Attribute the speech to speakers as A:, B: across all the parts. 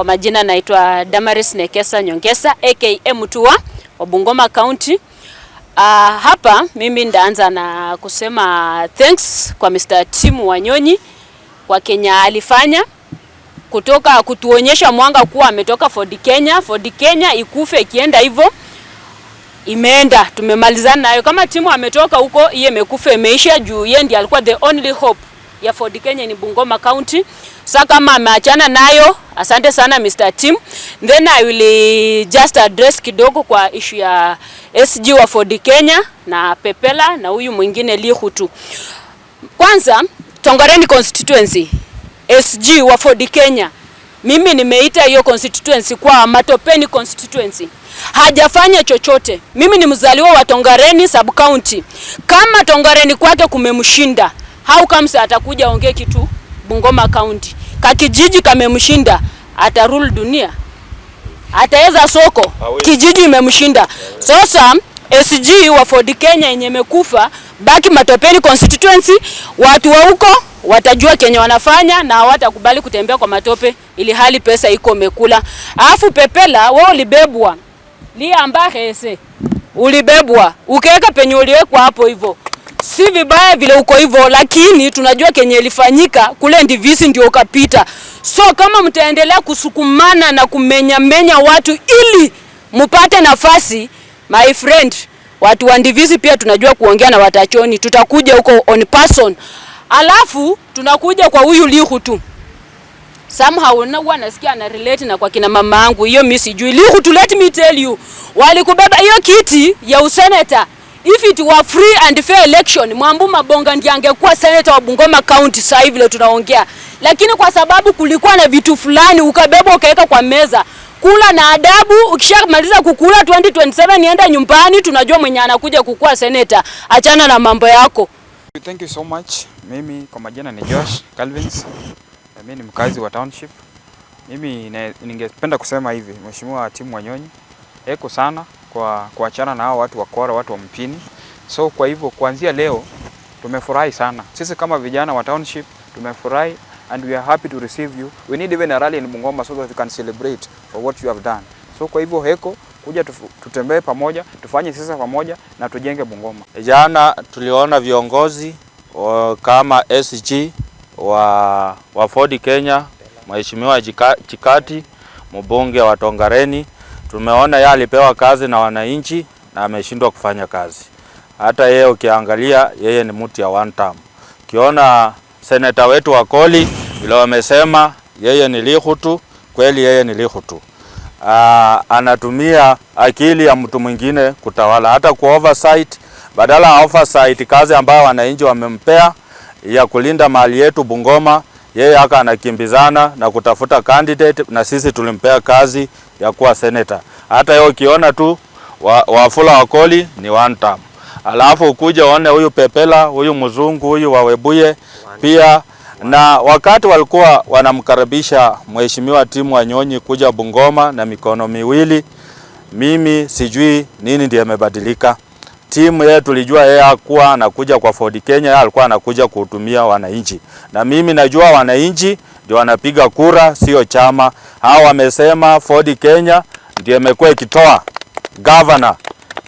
A: Kwa majina naitwa Damaris Nekesa Nyongesa aka Mtua wa Bungoma County. Uh, hapa mimi ndaanza na kusema thanks kwa Mr. Tim Wanyonyi kwa Kenya alifanya kutoka kutuonyesha mwanga kuwa ametoka Ford Kenya. Ford Kenya ikufe ikienda hivyo imeenda, tumemalizana nayo. Kama timu ametoka huko, yeye imekufa imeisha, juu yeye ndiye alikuwa the only hope ya Ford Kenya ni Bungoma County. Sasa kama ameachana nayo Asante sana Mr. Tim. Then I will eh, just address kidogo kwa ishu ya SG wa Ford Kenya na Pepela na huyu mwingine Lihutu. Kwanza Tongoreni constituency SG wa Ford Kenya, mimi nimeita hiyo constituency kwa Matopeni constituency, hajafanya chochote. Mimi ni mzaliwa wa Tongareni sub county. Kama tongareni kwake kumemshinda, how comes atakuja ongee kitu Bungoma county? kakijiji kamemshinda, rule dunia? Ataweza soko? Kijiji imemshinda. Sasa SG wa Ford Kenya yenye imekufa baki Matopeni constituency, watu wa huko watajua kenye wanafanya na hawatakubali kutembea kwa matope, ili hali pesa iko mekula. Alafu Pepela, wewe ulibebwa lia ambare ese ulibebwa ukiweka penye uliwekwa hapo hivyo si vibaya vile uko hivyo, lakini tunajua kenye ilifanyika kule Ndivisi ndio ukapita. So kama mtaendelea kusukumana na kumenya menya watu ili mupate nafasi, my friend, watu wa Ndivisi pia tunajua kuongea na watachoni, tutakuja huko on person. Alafu tunakuja kwa huyu Lihu tu somehow na huwa nasikia ana relate na kwa kina mama yangu, hiyo mimi sijui. Lihu tu, let me tell you, walikubeba hiyo kiti ya useneta If it were free and fair election, Mwambu Mabonga ndiye angekuwa senator wa Bungoma County sasa hivi leo tunaongea. Lakini kwa sababu kulikuwa na vitu fulani ukabeba ukaweka kwa meza. Kula na adabu, ukishamaliza kukula 2027 nienda nyumbani, tunajua mwenye anakuja kukuwa senator. Achana na mambo yako.
B: Thank you so much. Mimi kwa majina ni Josh Calvins. Mimi ni mkazi wa township. Mimi ningependa kusema hivi, Mheshimiwa Tim Wanyonyi, eko sana kwa kuachana na hao watu wa Kora, watu wa Mpini. So kwa hivyo kuanzia leo tumefurahi sana sisi kama vijana wa township tumefurahi and we are happy to receive you. We need even a rally in Bungoma so that we can celebrate for what you have done. So kwa hivyo heko kuja tutembee pamoja, tufanye siasa pamoja na tujenge Bungoma.
C: Jana tuliona viongozi o, kama SG wa, wa Ford Kenya, Mheshimiwa Chikati, mbunge wa Tongareni Tumeona yeye alipewa kazi na wananchi na ameshindwa kufanya kazi. Hata yeye ukiangalia, yeye ni mtu ya one term. Ukiona seneta wetu wa Koli vile wamesema yeye ni lihutu kweli, yeye ni lihutu. Aa, ah, anatumia akili ya mtu mwingine kutawala, hata ku oversight badala ya oversight kazi ambayo wananchi wamempea ya kulinda mali yetu Bungoma, yeye aka anakimbizana na kutafuta candidate, na sisi tulimpea kazi ya kuwa seneta. Hata hiyo ukiona tu Wafula wa Wakoli ni one term, alafu ukuja uone huyu Pepela, huyu mzungu, huyu Wawebuye pia na wakati walikuwa wanamkaribisha mheshimiwa Timu Wanyonyi kuja Bungoma na mikono miwili, mimi sijui nini ndiye amebadilika. Timu yetu tulijua yeye hakuwa anakuja kwa Ford Kenya, alikuwa anakuja kuhudumia wananchi, na mimi najua wananchi ndio wanapiga kura, sio chama. Hao wamesema Ford Kenya ndio imekuwa ikitoa governor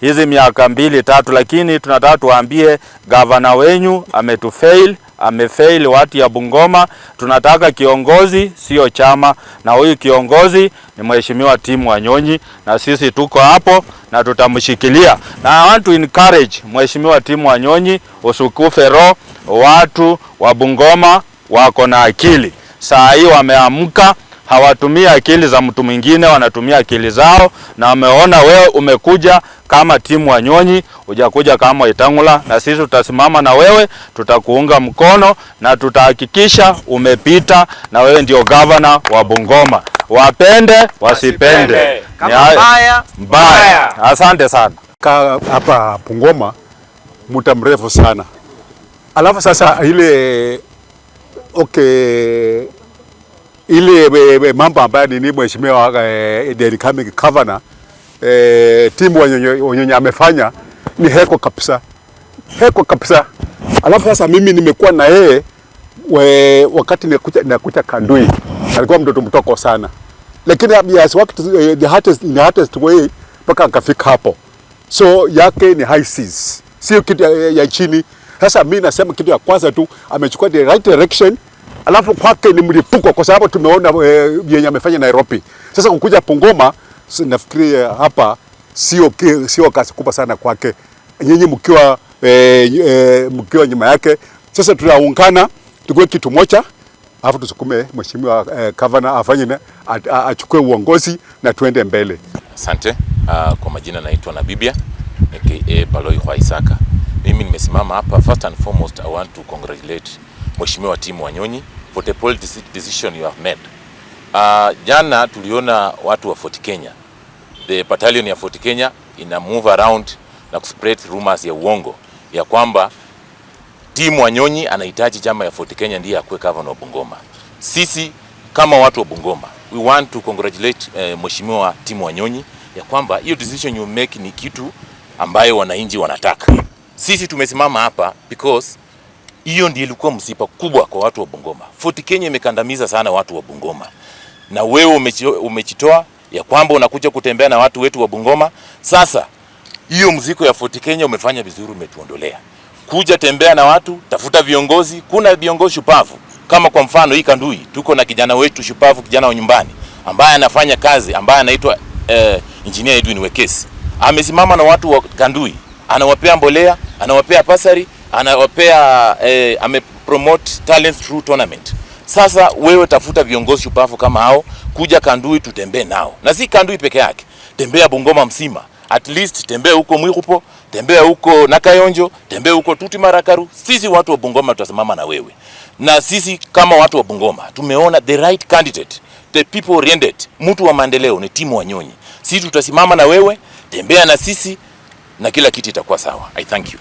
C: hizi miaka mbili tatu, lakini tunataka tuambie gavana wenyu ametufail, amefail watu ya Bungoma. Tunataka kiongozi, sio chama, na huyu kiongozi ni mheshimiwa Tim Wanyonyi, na sisi tuko hapo na tutamshikilia, na I want to encourage mheshimiwa Tim Wanyonyi, usukufe roho. Watu wa Bungoma wako na akili saa hii wameamka, hawatumii akili za mtu mwingine, wanatumia akili zao, na wameona wewe umekuja kama timu Wanyonyi, hujakuja kama Wetang'ula, na sisi tutasimama na wewe, tutakuunga mkono na tutahakikisha umepita, na wewe ndio gavana wa Bungoma, wapende wasipende,
D: kama mbaya
C: mbaya. Asante sana
E: hapa Bungoma muda mrefu sana, alafu sasa ile Okay, ile eh, eh, eh, mambo ambayo ni mheshimiwa incoming governor eh, timu wanyonye amefanya ni heko kabisa, heko kabisa. Alafu sasa mimi nimekuwa na yeye wakati nakucha, nakuja Kandui, alikuwa mtoto mtoko sana, lakini yes, the hardest, the hardest way mpaka akafika hapo, so yake ni high seas, sio kitu ya, ya chini sasa mimi nasema kitu ya kwanza tu amechukua the right direction, alafu kwake ni mlipuko, kwa sababu tumeona e, yenye amefanya Nairobi. Sasa kukuja Pongoma nafikiri eh, hapa sio sio kazi kubwa sana kwake, nyinyi mkiwa eh, eh mkiwa nyuma yake. Sasa tunaungana tukue kitu moja alafu tusukume mheshimiwa eh, Gavana afanye achukue uongozi na tuende mbele.
F: Asante. Uh, kwa majina naitwa Nabibia aka Baloi Khwaisaka. Mimi nimesimama hapa, first and foremost I want to congratulate Mheshimiwa Tim Wanyonyi for the policy decision you have made. Uh, jana tuliona watu wa Fort Kenya, the battalion ya Fort Kenya ina move around na kuspread rumors ya uongo ya kwamba Tim Wanyonyi anahitaji chama ya Fort Kenya ndiye akuwe governor wa Bungoma. Sisi kama watu wa Bungoma we want to congratulate uh, Mheshimiwa Tim Wanyonyi ya kwamba hiyo decision you make ni kitu ambayo wananchi wanataka. Sisi tumesimama hapa because hiyo ndiyo ilikuwa msiba kubwa kwa watu wa Bungoma. Fort Kenya imekandamiza sana watu wa Bungoma, na wewe umejitoa ya kwamba unakuja kutembea na watu wetu wa Bungoma. Sasa hiyo mziko ya Fort Kenya umefanya vizuri, umetuondolea. Kuja tembea na watu, tafuta viongozi. Kuna viongozi shupavu kama kwa mfano hii Kandui, tuko na kijana wetu shupavu, kijana wa nyumbani ambaye anafanya kazi ambaye anaitwa eh, engineer Edwin Wekesi amesimama na watu wa Kandui, anawapea mbolea, anawapea pasari, anawapea eh, ame promote talent through tournament. Sasa wewe tafuta viongozi shupavu kama hao, kuja Kandui tutembee nao, na si Kandui peke yake, tembea Bungoma mzima at least tembea huko Mwirupo, tembea huko Nakayonjo, tembea huko Tuti Marakaru. Sisi watu wa Bungoma tutasimama na wewe, na sisi kama watu wa Bungoma tumeona the right candidate, the people oriented, mtu wa maendeleo ni Timo Wanyonyi. Sisi tutasimama na wewe tembea na sisi na kila kitu itakuwa sawa. I thank you.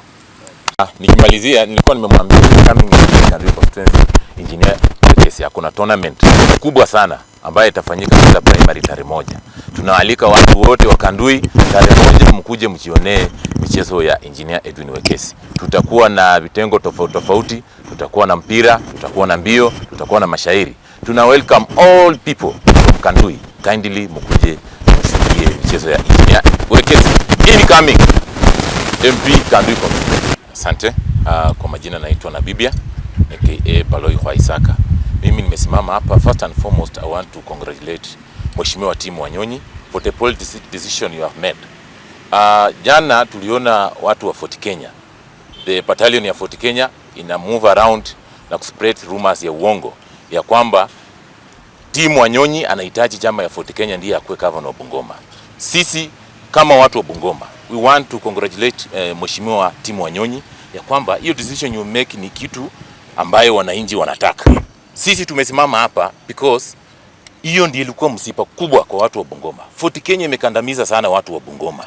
F: Ah, nikimalizia nilikuwa nimemwambia coming engineer constituency engineer Tetesi, kuna tournament kubwa sana ambayo itafanyika kila primary tarehe moja. Tunawaalika watu wote wa Kandui tarehe moja mkuje mjionee michezo ya engineer Edwin Wekesi. Tutakuwa na vitengo tofauti tofauti, tutakuwa na mpira, tutakuwa na mbio, tutakuwa na mashairi. Tuna welcome all people from Kandui, kindly mkuje michezo ya nje ya incoming MP Kandu Kombe.
G: Asante. Uh, kwa majina naitwa na Nabibia aka Baloi kwa Isaka. Mimi nimesimama hapa, first and foremost I want to congratulate Mheshimiwa Timu Wanyonyi for the policy decision you have made. Uh, jana tuliona watu wa Fort Kenya. The battalion ya Fort Kenya ina move around na kuspread rumors ya uongo ya kwamba Timu Wanyonyi anahitaji chama ya Fort Kenya ndiye akuwe governor wa Bungoma. Sisi kama watu wa Bungoma we want to congratulate eh, mheshimiwa Tim Wanyonyi ya kwamba hiyo decision you make ni kitu ambayo wananchi wanataka. Sisi tumesimama hapa because hiyo ndiyo ilikuwa msiba kubwa kwa watu wa Bungoma. Fort Kenya imekandamiza sana watu wa Bungoma,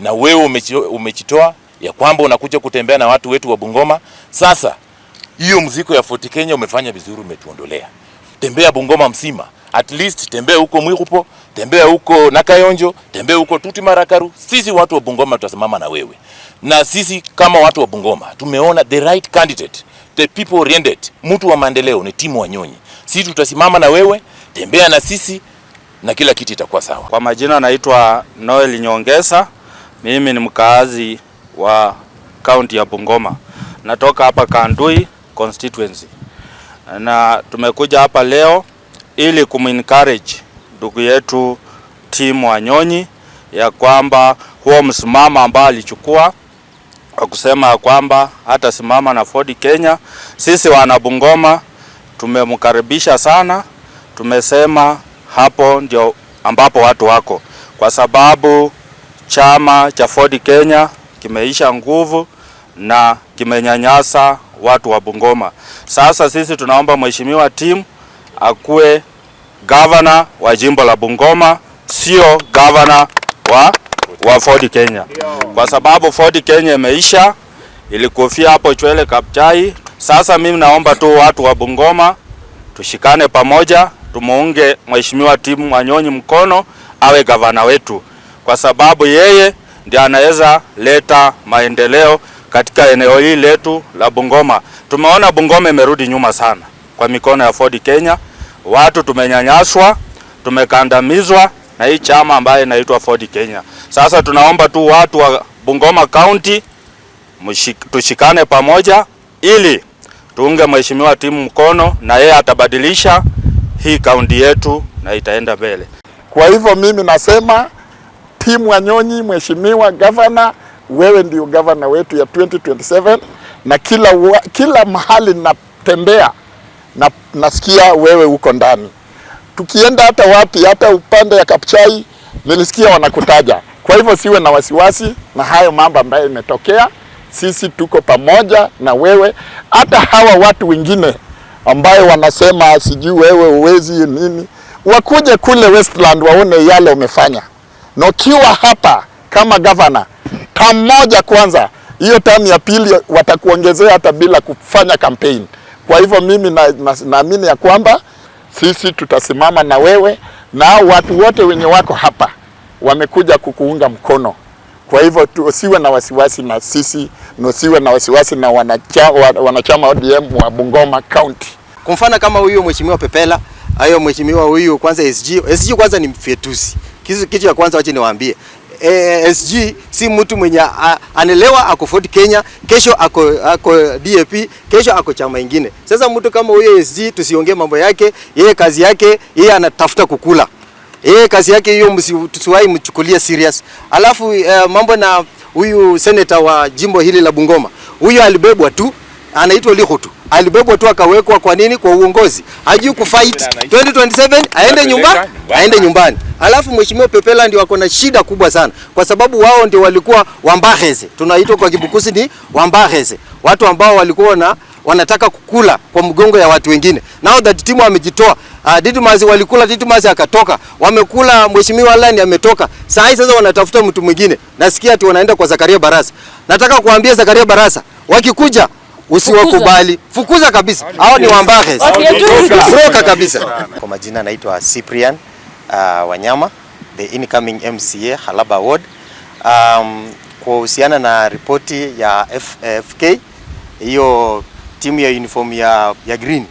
G: na wewe umejitoa ya kwamba unakuja kutembea na watu wetu wa Bungoma. Sasa hiyo mziko ya Fort Kenya umefanya vizuri, umetuondolea tembea Bungoma mzima, at least tembea huko Mwirupo, tembea huko Nakayonjo, tembea huko Tutimarakaru. Sisi watu wa Bungoma tutasimama na wewe, na sisi kama watu wa Bungoma tumeona the right candidate, the people oriented, mtu wa maendeleo ni Timu Wanyonyi. Sisi tutasimama na wewe, tembea na sisi na kila kitu itakuwa sawa.
H: Kwa majina naitwa Noel Nyongesa, mimi ni mkaazi wa kaunti ya Bungoma, natoka hapa Kandui constituency na tumekuja hapa leo ili kumencourage ndugu yetu Tim Wanyonyi ya kwamba huo msimamo ambao alichukua kwa kusema ya kwamba hata simama na Ford Kenya, sisi wana Bungoma tumemkaribisha sana. Tumesema hapo ndio ambapo watu wako, kwa sababu chama cha Ford Kenya kimeisha nguvu na kimenyanyasa watu wa Bungoma. Sasa sisi tunaomba mheshimiwa Tim akuwe gavana wa jimbo la Bungoma, sio gavana wa, wa Ford Kenya, kwa sababu Ford Kenya imeisha, ilikufia hapo Chwele Kapchai. Sasa mimi naomba tu watu wa Bungoma tushikane pamoja, tumuunge mheshimiwa Tim Wanyonyi mkono awe gavana wetu, kwa sababu yeye ndiye anaweza leta maendeleo katika eneo hili letu la Bungoma. Tumeona Bungoma imerudi nyuma sana kwa mikono ya Ford Kenya. Watu tumenyanyaswa, tumekandamizwa na hii chama ambayo inaitwa Ford Kenya. Sasa tunaomba tu watu wa Bungoma County tushikane pamoja ili tuunge mheshimiwa timu mkono na yeye atabadilisha hii kaunti yetu na itaenda mbele.
I: Kwa hivyo mimi nasema timu ya Nyonyi, mheshimiwa governor wewe ndio gavana wetu ya 2027 na kila, wa, kila mahali natembea na, nasikia wewe uko ndani. Tukienda hata wapi, hata upande ya Kapchai nilisikia wanakutaja. Kwa hivyo siwe na wasiwasi na hayo mambo ambayo imetokea. Sisi tuko pamoja na wewe, hata hawa watu wengine ambayo wanasema sijui wewe uwezi nini, wakuje kule Westland waone yale umefanya, na ukiwa hapa kama gavana pamoja kwanza. Hiyo tamu ya pili watakuongezea hata bila kufanya kampeni. Kwa hivyo mimi naamini na, na ya kwamba sisi tutasimama na wewe na watu wote wenye wako hapa wamekuja kukuunga mkono. Kwa hivyo usiwe na wasiwasi na sisi, usiwe na wasiwasi na wanachama, ODM wa Bungoma County.
J: Kwa mfano kama huyu mheshimiwa Pepela, hayo mheshimiwa huyu kwanza SG, SG kwanza ni mfetusi Kitu ya kwanza wache niwaambie eh, SG si mtu mwenye ah, anelewa ako Ford Kenya, kesho ako, ako DAP, kesho ako chama ingine. Sasa mtu kama huyo SG tusiongee mambo yake, yeye kazi yake yeye anatafuta kukula. Yeye kazi yake hiyo msiwahi mchukulia serious. Alafu eh, mambo na huyu senator wa jimbo hili la Bungoma. Huyu alibebwa tu, anaitwa Lihutu alibebwa tu akawekwa. Kwa nini? Kwa uongozi, hajui kufight 2027 aende nyumba, aende nyumbani. Alafu mheshimiwa Pepela ndio wako na shida kubwa sana, kwa sababu wao ndio walikuwa wambaheze, tunaitwa kwa Kibukusi ni wambaheze, watu ambao walikuwa na wanataka kukula kwa mgongo ya watu wengine. Now that timu amejitoa, uh, ah, Didimasi walikula Didimasi akatoka, wamekula mheshimiwa Lani ametoka. Saa hii sasa wanatafuta mtu mwingine, nasikia ati wanaenda kwa Zakaria Barasa. Nataka kuambia Zakaria Barasa wakikuja usiwakubali, fukuza kabisa. Hao ni wambahe, roka kabisa.
K: Kwa majina anaitwa Cyprian uh, Wanyama, the incoming MCA Halaba Ward. Um, kwa uhusiana na ripoti ya FK hiyo timu ya uniform ya, ya green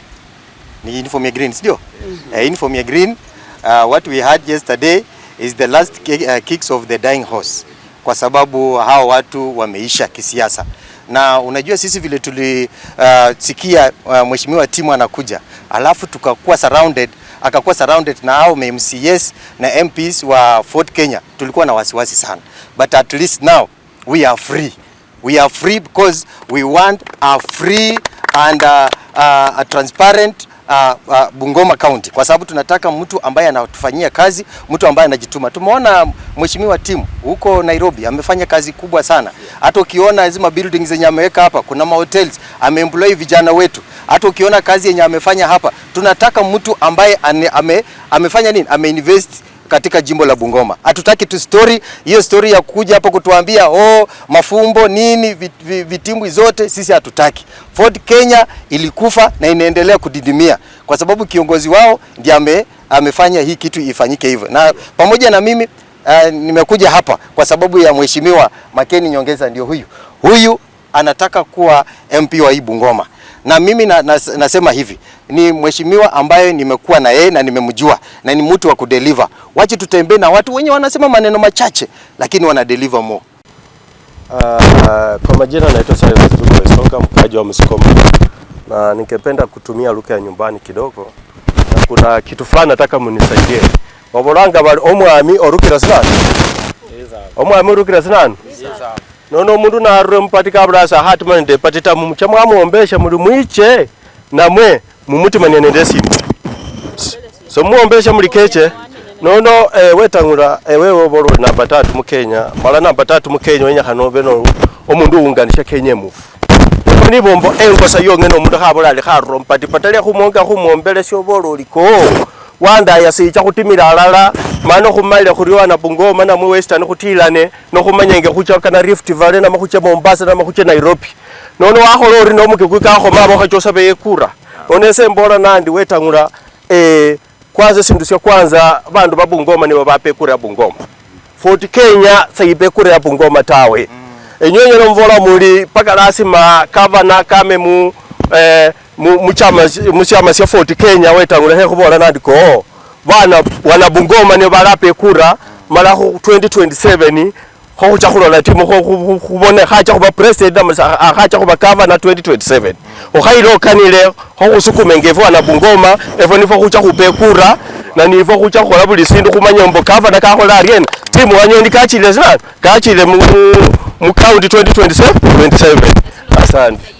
K: ni uniform ya green sio? mm -hmm. Uh, eh, uniform ya green uh, what we had yesterday is the last kick, uh, kicks of the dying horse, kwa sababu hao watu wameisha kisiasa na unajua sisi vile tulisikia uh, uh, mheshimiwa timu anakuja, alafu tukakuwa surrounded akakuwa surrounded na hao MCS na MPs wa Fort Kenya, tulikuwa na wasiwasi sana, but at least now we are free, we are free because we want a free and a, uh, a, uh, a transparent uh, uh, Bungoma County kwa sababu tunataka mtu ambaye anatufanyia kazi, mtu ambaye anajituma. Tumeona mheshimiwa timu huko Nairobi amefanya kazi kubwa sana. Hata ukiona zima buildings zenye ameweka hapa, kuna mahotels ameemploy vijana wetu. Hata ukiona kazi yenye amefanya hapa, tunataka mtu ambaye ame, amefanya nini, ameinvest katika jimbo la Bungoma. Hatutaki tu story hiyo, story ya kuja hapo kutuambia oh, mafumbo nini vit, vitimbwi zote, sisi hatutaki. Ford Kenya ilikufa na inaendelea kudidimia kwa sababu kiongozi wao ndiye ame, amefanya hii kitu ifanyike hivyo, na pamoja na mimi uh, nimekuja hapa kwa sababu ya mheshimiwa Makeni Nyongeza, ndio huyu huyu anataka kuwa MP wa hii Bungoma na mimi na, na, nasema hivi ni mheshimiwa ambaye nimekuwa na yeye na nimemjua na ni mtu wa kudeliver. Wache tutembee na watu wenye wanasema maneno machache lakini wana deliver more.
L: Uh, kwa majina naitwa Silas Tuko Isonga, mkaji wa Msukuma, na ningependa kutumia lugha ya nyumbani kidogo, na kuna kitu fulani nataka mnisaidie. wabolanga bali omwami orukira oh, sana. sinani omwami orukira sana. sinani nono mundu narure hatman de patita mumucha mwamuombesha muli mwiche na namwe mumutimania nende simu so muombesha mulikeche nono eh, wetang'ula ewewe eh, oborwe namba tatu mukenya mala namba tatu mukenya wenyakhana obe no omundu uunganisha kenya emufu nibombo engosa eh, yonge nomundu khabolale kharura omupati patalia khumonga khumwombelesya obola oliko wandaya sicha khutimila alala mano khumalile khuri wana bungoma namwe western khutilane nokhumanyenge khucha kana rift valley nama khucha mombasa nama khucha nairobi nono wakhola ori no mukekwi kakhoma abo khachosa beyekura nono ese mbola nandi wetang'ula eh, kwanza sindu sya kwanza bandu ba Bungoma nibo bapekura Bungoma Fort Kenya saipekura Bungoma tawe mm. E, enyonyo mvola muli paka lazima kavana kame mu eh, muchama muchama sya Fort Kenya wetang'ula khekhubola nandi ko bana wana Bungoma nibo balapekura mala 2027 go go tsa go lola temo go bone ga tsa go ba president ga tsa go ba governor 2027 o ga ile o kanile go go sukumengefo ana bungoma efo nifo go tsa go pekura na nifo go tsa go la bulisindu go manyombo governor ka go la rien timo wanyoni ka tshile zina ka tshile mu mu county 2027 27 asante